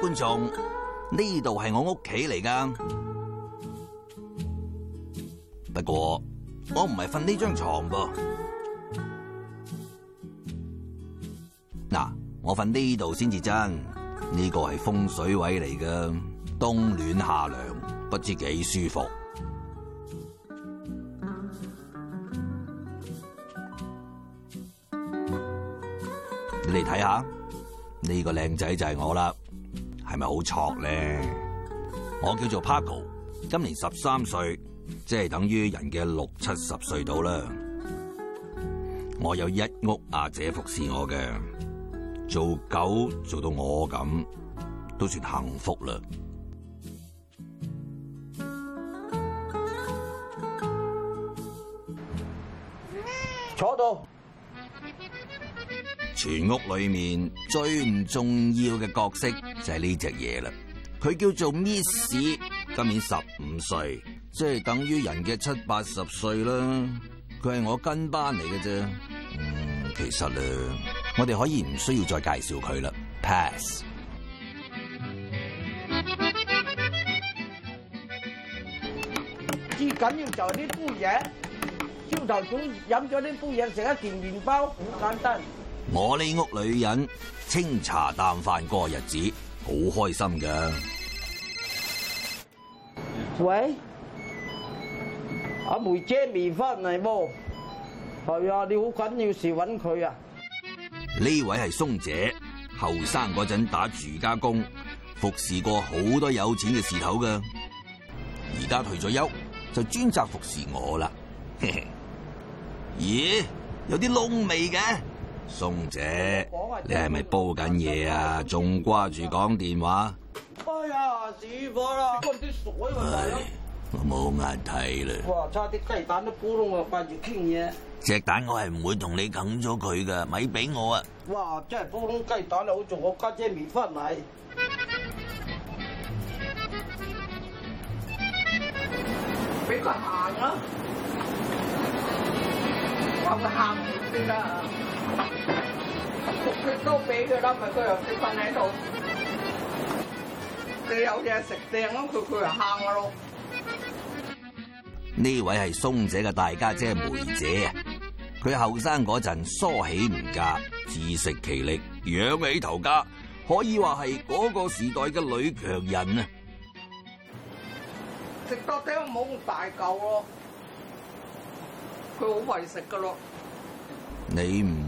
觀眾呢度係我屋企嚟噶，不過我唔係瞓呢張床噃。嗱，我瞓呢度先至真，呢個係風水位嚟噶，冬暖夏涼，不知幾舒服。你嚟睇下，呢個靚仔就係我啦。係咪好錯咧？我叫做 Paco，今年十三歲，即係等於人嘅六七十歲到啦。我有一屋阿姐服侍我嘅，做狗做到我咁，都算幸福啦。坐到。全屋裏面最唔重要嘅角色就係呢隻嘢啦，佢叫做 Missie，今年十五歲，即係等於人嘅七八十歲啦。佢係我跟班嚟嘅啫。嗯，其實咧，我哋可以唔需要再介紹佢啦。pass。最緊要就係呢杯嘢，朝頭早飲咗呢杯嘢，食一件麵包，好簡單。我呢屋女人清茶淡飯過日子，好開心噶。喂，阿梅姐未翻嚟噃？係啊，你好緊要事揾佢啊！呢位係崧姐，後生嗰陣打住家工，服侍過好多有錢嘅事頭噶。而家退咗休，就專責服侍我啦。 咦，有啲燶味嘅。松姐，你係咪煲緊嘢啊？仲掛住講電話？哎呀，起火啦！關啲水啊！我冇眼睇啦！哇，差啲雞蛋都煲窿啊！掛住傾嘢。隻蛋我係唔會同你啃咗佢噶，咪俾我啊！哇，真係煲窿雞蛋啦！好在我家姐未翻嚟，俾個行啊！行前先得啊！佢都俾佢啦，咪都有先瞓喺度。你有嘢食掟咁，佢佢就喊咯。呢位係崧姐嘅大家姐梅姐啊！佢後生嗰陣梳起唔嫁，自食其力養起頭家，可以話係嗰個時代嘅女強人啊！食多啲唔好咁大嚿咯，佢好為食噶咯。你唔？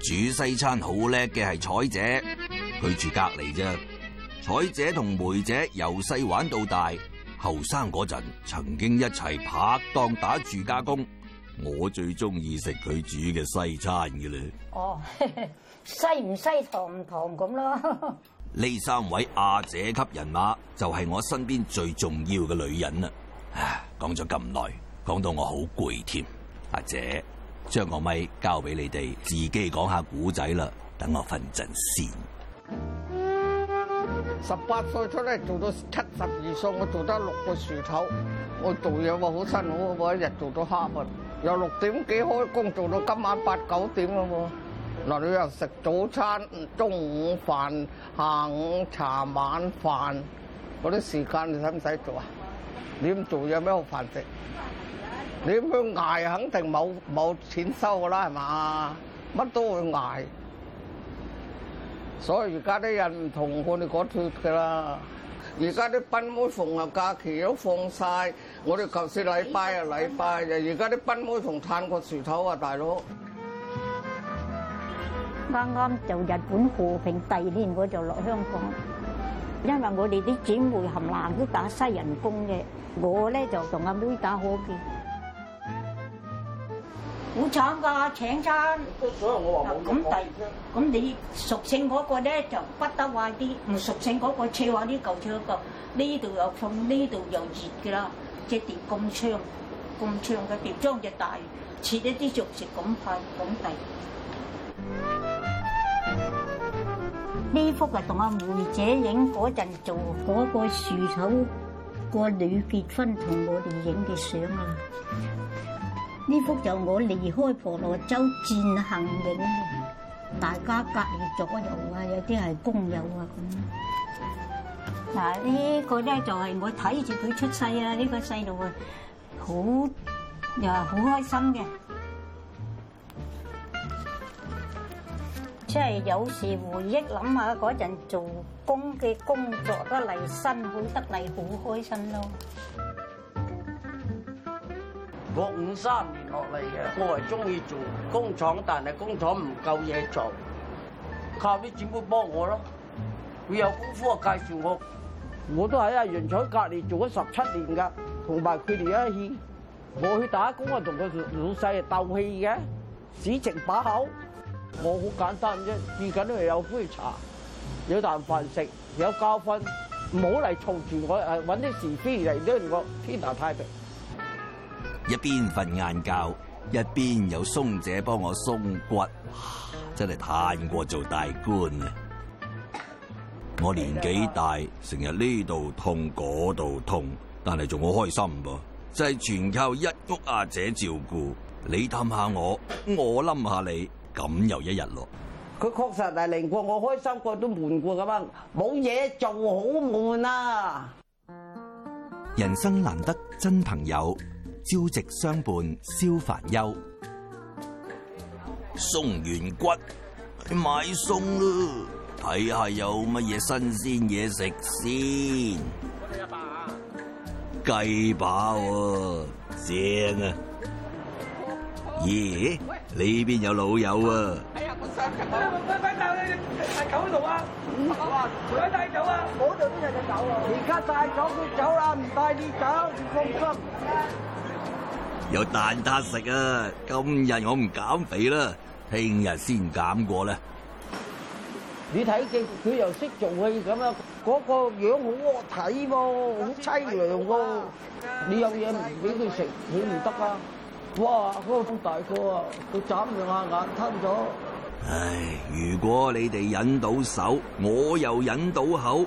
煮西餐好叻嘅係彩姐，佢住隔籬啫。彩姐同梅姐由細玩到大，後生嗰陣曾經一齊拍檔打住家工。我最中意食佢煮嘅西餐嘅咧。哦， 西唔西糖唔糖咁咯。呢 三位阿姐級人馬就係我身邊最重要嘅女人啦。唉，講咗咁耐，講到我好攰添。阿姐，將個咪。交俾你哋自己講下古仔啦，等我瞓陣先。十八歲出嚟做到七十二歲，我做得六個事頭，我做嘢好辛苦，我一日做到黑啊，由六點幾開工做到今晚八九點啊嘛。嗱，你又食早餐、中午飯、下午茶晚飯、晚飯，嗰啲時間你使唔使做啊？你咁做有咩好飯食？你去捱肯定冇冇錢收㗎啦，係嘛？乜都會捱，所以而家啲人唔同我哋講脫嘅啦。而家啲賓妹逢年假期都放曬，我哋舊時禮拜又禮拜，而家啲賓妹仲嘆過事頭啊，大佬！啱啱就日本和平第二年我就落香港，因為我哋啲姊妹金蘭都打西人工嘅，我咧就同阿妹打夥計。好慘㗎請餐，咁第二，咁你熟性嗰個咧就不得壞啲，唔熟性嗰個切壞啲舊切舊，呢度又痛，呢度又熱㗎啦，即係碟咁槍，咁槍嘅碟裝隻大，切一啲肉食咁快咁地。呢幅係同阿梅姐影嗰陣做嗰個樹草個女結婚同我哋影嘅相啊！呢幅就我離開婆羅洲餞行影，大家隔籬左右啊，有啲係工友啊咁。嗱呢個咧就係我睇住佢出世啊，呢個細路啊，好又係好開心嘅。即係有時回憶諗下嗰陣做工嘅工作都嚟，辛苦得嚟好開心咯。我五三年落嚟嘅，我係中意做工廠，但係工廠唔夠嘢做，靠啲姊妹幫我咯。佢有功夫啊，介紹我，我都喺阿袁彩隔籬做咗十七年噶，同埋佢哋一起。我去打工啊，同佢老細啊鬥氣嘅，只直把口。我好簡單啫，最緊要有杯茶，有啖飯食，有覺瞓，唔好嚟嘈住我，係揾啲是非嚟咧，我天下太平。一邊瞓晏覺，一邊有崧姐幫我鬆骨，真係嘆過做大官啊！我年紀大，成日呢度痛嗰度痛，但係仲好開心噃、啊，就係、是、全靠一屋阿、啊、姐照顧。你氹下我，我冧下你，咁又一日咯、啊。佢確實係令過我開心過都悶過咁啊！冇嘢做，好悶啊！人生難得真朋友。朝夕相伴消煩憂，鬆完骨去買餸啦，睇下有乜嘢新鮮嘢食先。我哋阿爸啊，雞扒喎，正啊！咦？呢邊有老友啊！哎呀，我上嚟，我乖乖走你，隻狗喺度啊！好啊，佢一帶走啊，我度都有隻狗啊。而家帶咗佢走啦，唔帶你走，放心。有蛋撻食啊！今日我唔減肥啦，聽日先減過啦。你睇佢，佢又識做戲咁啊！嗰個樣好惡睇喎，好淒涼喎、啊。你有嘢唔俾佢食，你唔得啊！哇，方、那個、大個啊，佢眨住眼眼吞咗。唉，如果你哋忍到手，我又忍到口，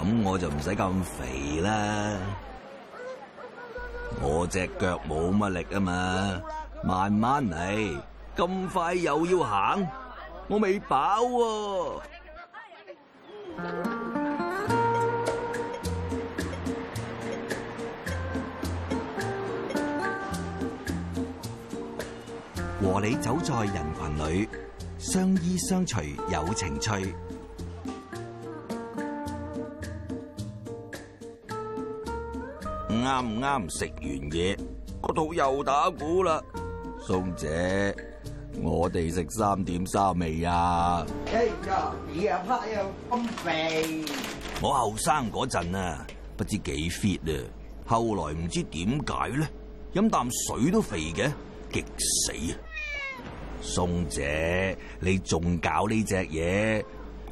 咁我就唔使咁肥啦。我隻腳冇乜力啊嘛，慢慢嚟，咁快又要行，我未飽啊。 和你走在人群裏，相依相隨有情趣。啱啱食完嘢，個肚又打鼓啦。崧姐，我哋食三點三未啊？哎呀，你又黑又咁肥，我後生嗰陣啊，不知幾 fit 啊，後來唔知點解咧，飲啖水都肥嘅，激死啊！崧喵姐，你仲搞呢隻嘢？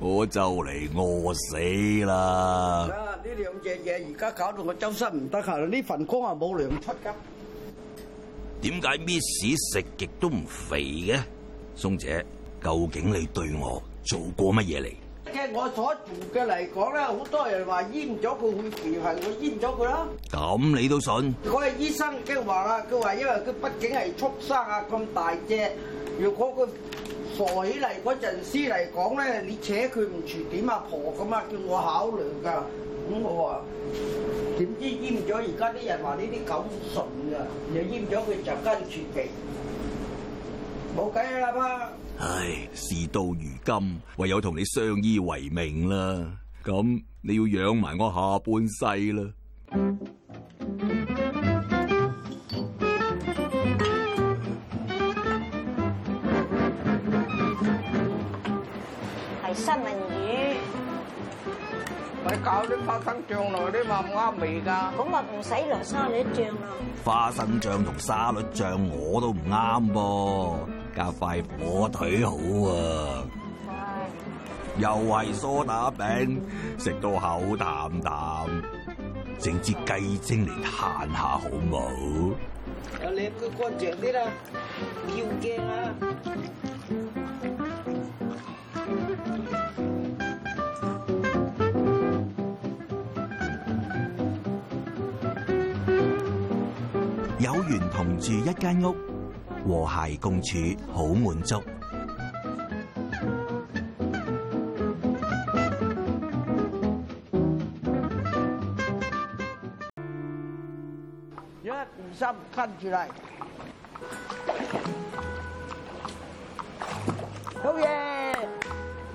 我就嚟餓死啦！啊，呢兩隻嘢而家搞到我周身唔得閒，呢份工啊冇糧出噶。點解搣屎食極都唔肥嘅？崧姐，究竟你對我做過乜嘢嚟？即係我所做嘅嚟講咧，好多人話閹咗佢會肥，係我閹咗佢啦。咁你都信？如果係醫生嘅話啦，佢話因為佢畢竟係畜生啊，咁大隻，如果佢。梳起嚟嗰陣時嚟講咧，你扯佢唔住，點啊婆咁啊，叫我考慮噶。咁我話點知閹咗？而家啲人話呢啲狗純噶，又閹咗佢就根絕鼻，冇計啦嘛。唉，事到如今，唯有同你相依為命啦。咁你要養埋我下半世啦。三文魚，你搞啲花生醬落啲，話唔啱味㗎。咁啊，唔使落沙律醬啊？花生醬同沙律醬我都唔啱噃，加塊火腿好啊。係又係梳打餅，食到口淡淡，整支雞精嚟彈下好冇？個臉要乾淨啲啦，要鏡啊！同住一間屋，和諧共處，好滿足。一唔心跟住嚟，好嘢！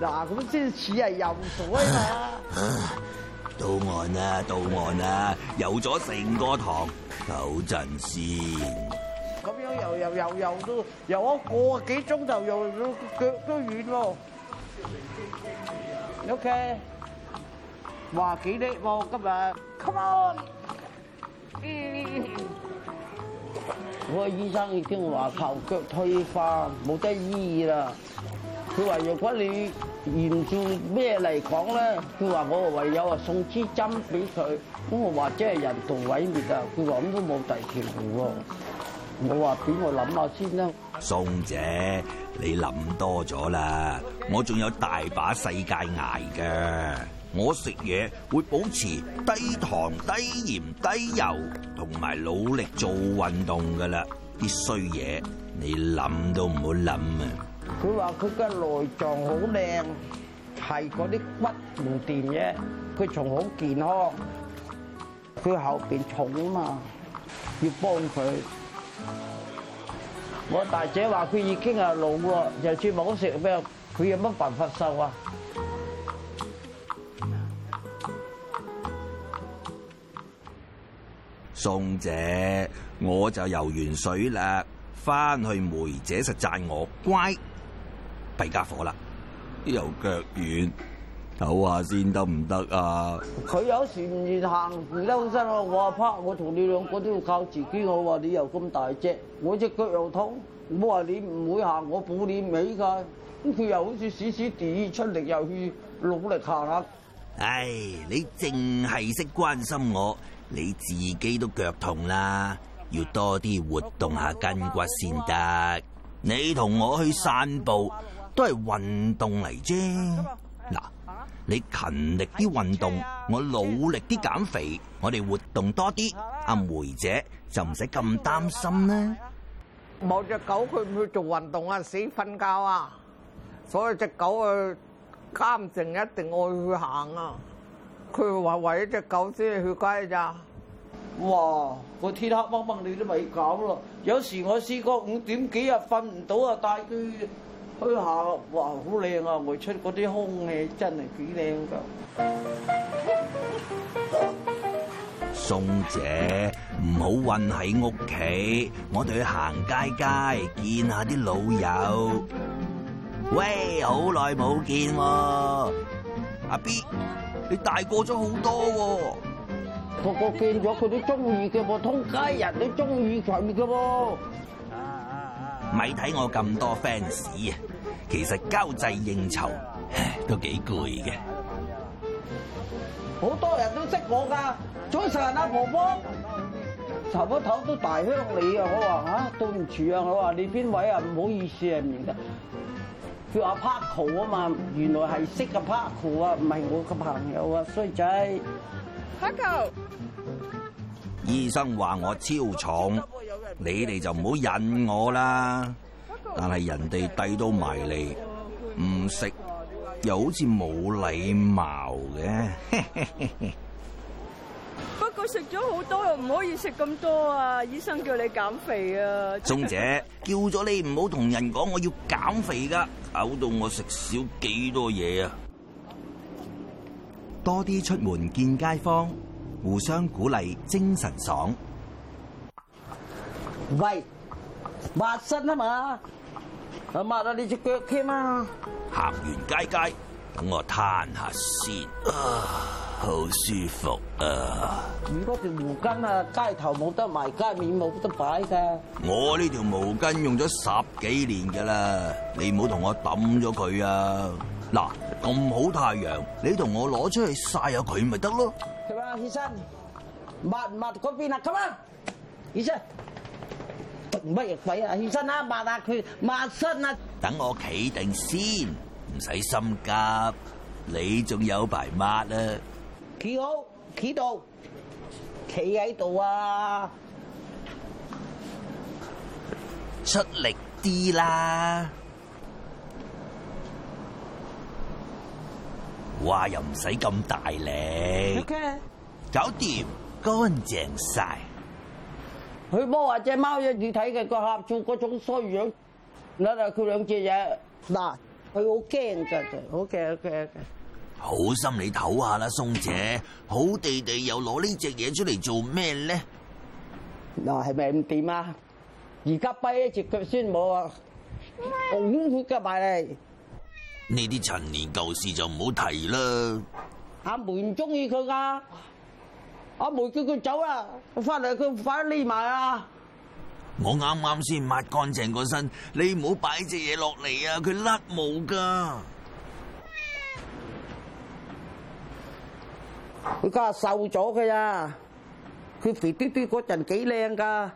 嗱，咁先試下游水嘛。到岸啦，到岸啦，游咗成個塘。唞陣先，咁樣遊遊遊遊都遊一個幾鐘頭，遊到腳都軟喎。OK，話幾叻噃，今日，Come on，我醫生已經話頭腳退化，冇得醫啦。佢話若果你。沿住咩嚟講咧？佢話我唯有啊送支針俾佢，咁我話即係人道毀滅啊！佢話咁都冇第條路喎，我話俾我諗下先啦。宋姐，你諗多咗啦！我仲有大把世界挨㗎，我食嘢會保持低糖、低鹽、低油，同埋努力做運動噶啦，啲衰嘢你諗都唔好諗啊！佢話：佢嘅內臟好靚，係嗰啲骨唔掂啫，佢仲好健康。佢後邊重啊嘛，要幫佢。我大姐話：佢已經係老喎，就算冇食咩，佢有乜辦法瘦啊？崧姐，我就游完水啦，翻去梅姐實讚我乖。弊家伙啦！又腳軟，唞下先得唔得啊？佢有時唔願行，唔修身咯。我話啪，我同你兩個都要靠自己。我話你又咁大隻，我隻腳又痛，我話你唔會行，我補你尾㗎。咁佢又好似屎屎地出力又去努力行下啊。唉，你淨係識關心我，你自己都腳痛啦，要多啲活動下筋骨先得。你同我去散步。都係運動嚟啫。嗱，你勤力啲運動，我努力啲減肥，我哋活動多啲，阿梅姐就唔使咁擔心呢。冇隻狗，佢唔去做運動啊，死瞓覺啊。所以隻狗佢監靜一定愛去行啊。佢話為咗隻狗先去街咋？哇！個天黑蒙蒙，你都未搞咯。有時我試過五點幾啊，瞓唔到啊，帶佢。去下，哇，好靚啊！外出嗰啲空氣真係幾靚噶。崧姐，唔好韞喺屋企，我哋去行街街，見下啲老友。喂，好耐冇見喎、啊，阿 B，你大個咗好多喎、啊。個個見咗佢都中意嘅，我通街人都中意佢嘅喎。咪睇我咁多 fans 啊！其實交際應酬都幾攰嘅。好多人都識我噶，早晨阿、啊、婆婆，茶鋪頭都大鄉你啊！我話吓，對唔住啊！我話你邊位啊？唔好意思啊，唔認得。佢話 Paco 啊嘛，原來係識個 Paco 啊，唔係我個朋友啊，衰仔。Paco，醫生話我超重。你哋就唔好引我啦，過但係人哋遞到埋嚟，唔食過又好似冇禮貌嘅 。不過食咗好多又唔可以食咁多啊，醫生叫你減肥啊。崧 姐叫咗你唔好同人講我要減肥噶，搞到我食少幾多嘢啊！多啲出門見街坊，互相鼓勵，精神爽。喂，抹身啊嘛，啊抹到你隻腳添啊！行完街街，咁我攤下先，啊好舒服啊！如果條毛巾啊，街頭冇得埋，街面冇得擺嘅。我呢條毛巾用咗十幾年噶啦，你唔好同我抌咗佢啊！嗱，咁好太陽，你同我攞出去曬下佢咪得咯？係嘛，起身，抹抹嗰邊啊 come on 啊！起身。做乜嘢鬼啊！起身啦，抹下佢，抹身啦。等我企定先，唔使心急。你仲有排抹啦！企好，企度，企喺度啊！出力啲啦，話又唔使咁大力。OK，搞掂，乾淨晒。佢冇話隻貓，你睇嘅個合作嗰種衰樣，嗱，佢兩隻嘢，嗱，佢好驚㗎，好嘅好嘅好嘅，好心你唞下啦，崧姐，好地地又攞呢隻嘢出嚟做咩咧？嗱，係咪唔掂啊？而家跛一隻腳先冇啊，痛苦嘅埋嚟。呢啲陳年舊事就唔好提啦。阿梅唔中意佢㗎。阿梅叫佢走啊，我翻嚟佢快匿埋啊！我啱啱先抹乾淨個身，你唔好擺隻嘢落嚟啊！佢甩毛噶，佢家下瘦咗噶呀！佢肥嘟嘟嗰陣幾靚噶，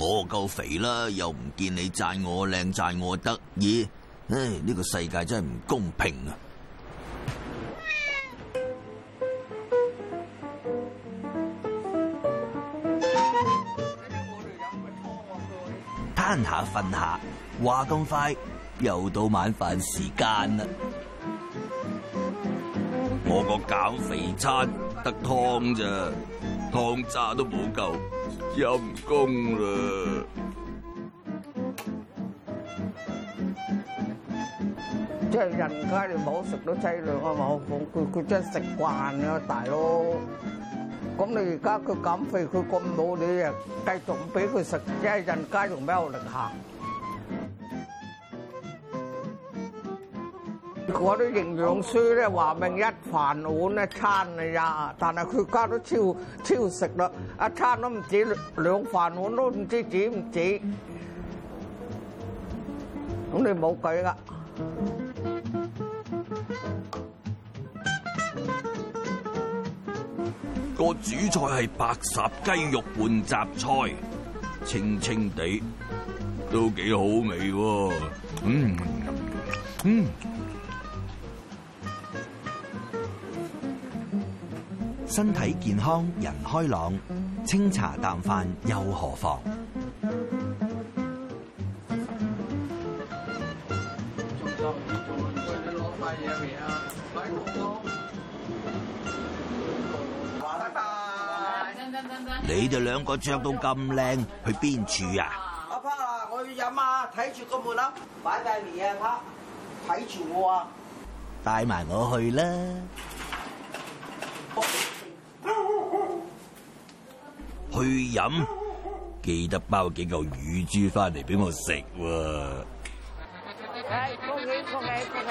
我夠肥啦，又唔見你讚我靚讚我得意，唉，呢、這個世界真係唔公平啊！瞓下瞓下，話咁快又到晚飯時間啦！我個減肥餐得湯咋，湯渣都冇夠，陰功啦！即係人家你冇食到劑量啊？冇，佢佢真係食慣啊大佬。咁你而家佢減肥，佢咁老你啊，繼續俾佢食，一陣人街仲咩學嚟行？嗰啲營養書咧話明一飯碗咧餐啊，但係佢家都超超食啦，一餐都唔止兩飯碗，都唔知點唔止，咁你冇計㗎。個主菜係白烚雞肉伴雜菜，清清地都幾好味。嗯，嗯，身體健康，人開朗，清茶淡飯又何妨？你哋兩個着到咁靚，去邊處啊？阿 Paco 啊，我要飲啊！睇住個門啦，擺大面啊，Paco，睇住我啊！帶埋我去啦！ 去飲，記得包幾嚿乳豬翻嚟俾我食喎。恭喜恭喜恭喜！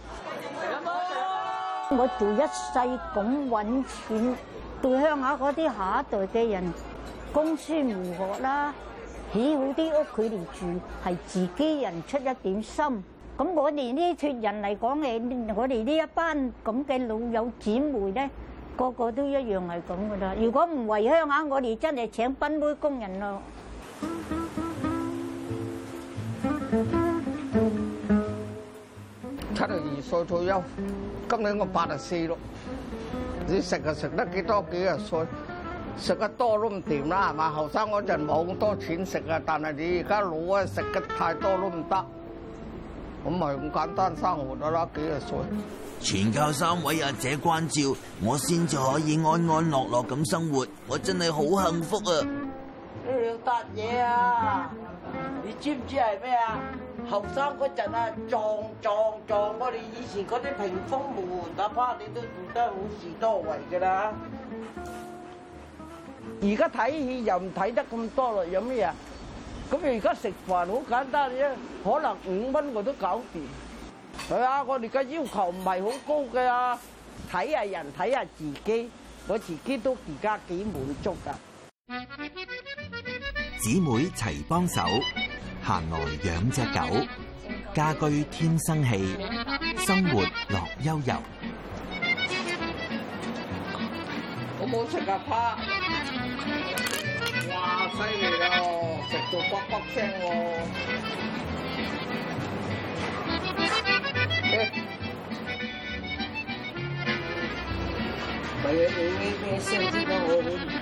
我做一世咁搵錢，對鄉下嗰啲下一代嘅人，供書唔學啦，起好啲屋佢哋住，係自己人出一點心。咁我哋呢撮人嚟講嘅，我哋呢一班咁嘅老友姊妹咧，個個都一樣係咁噶啦。如果唔為鄉下，我哋真係請賓妹工人咯。七十二歲退休，今年我八十四咯。你食啊食得幾多幾廿歲？食得多都唔掂啦，係嘛？後生嗰陣冇咁多錢食啊，但係你而家老啊，食得太多都唔得。咁咪咁簡單生活啦，幾廿歲。全靠三位阿姐關照，我先至可以安安樂樂咁生活，我真係好幸福啊！呢發嘢啊？你知唔知係咩啊？.後生嗰陣啊，撞撞撞，撞！我哋以前嗰啲屏風門打趴你都做得好事多為噶啦。而家睇戲又唔睇得咁多咯，有咩啊？咁而家食飯好簡單啫，可能五蚊我都搞掂。係啊，我哋嘅要求唔係好高嘅啊。睇下人，睇下自己，我自己都而家幾滿足噶。姊妹齊幫手。行來養隻狗，家居天生氣，生活樂悠游。我冇食咖趴，哇犀利啊！食到卜卜聲哦。嚟、欸，你你你食唔到？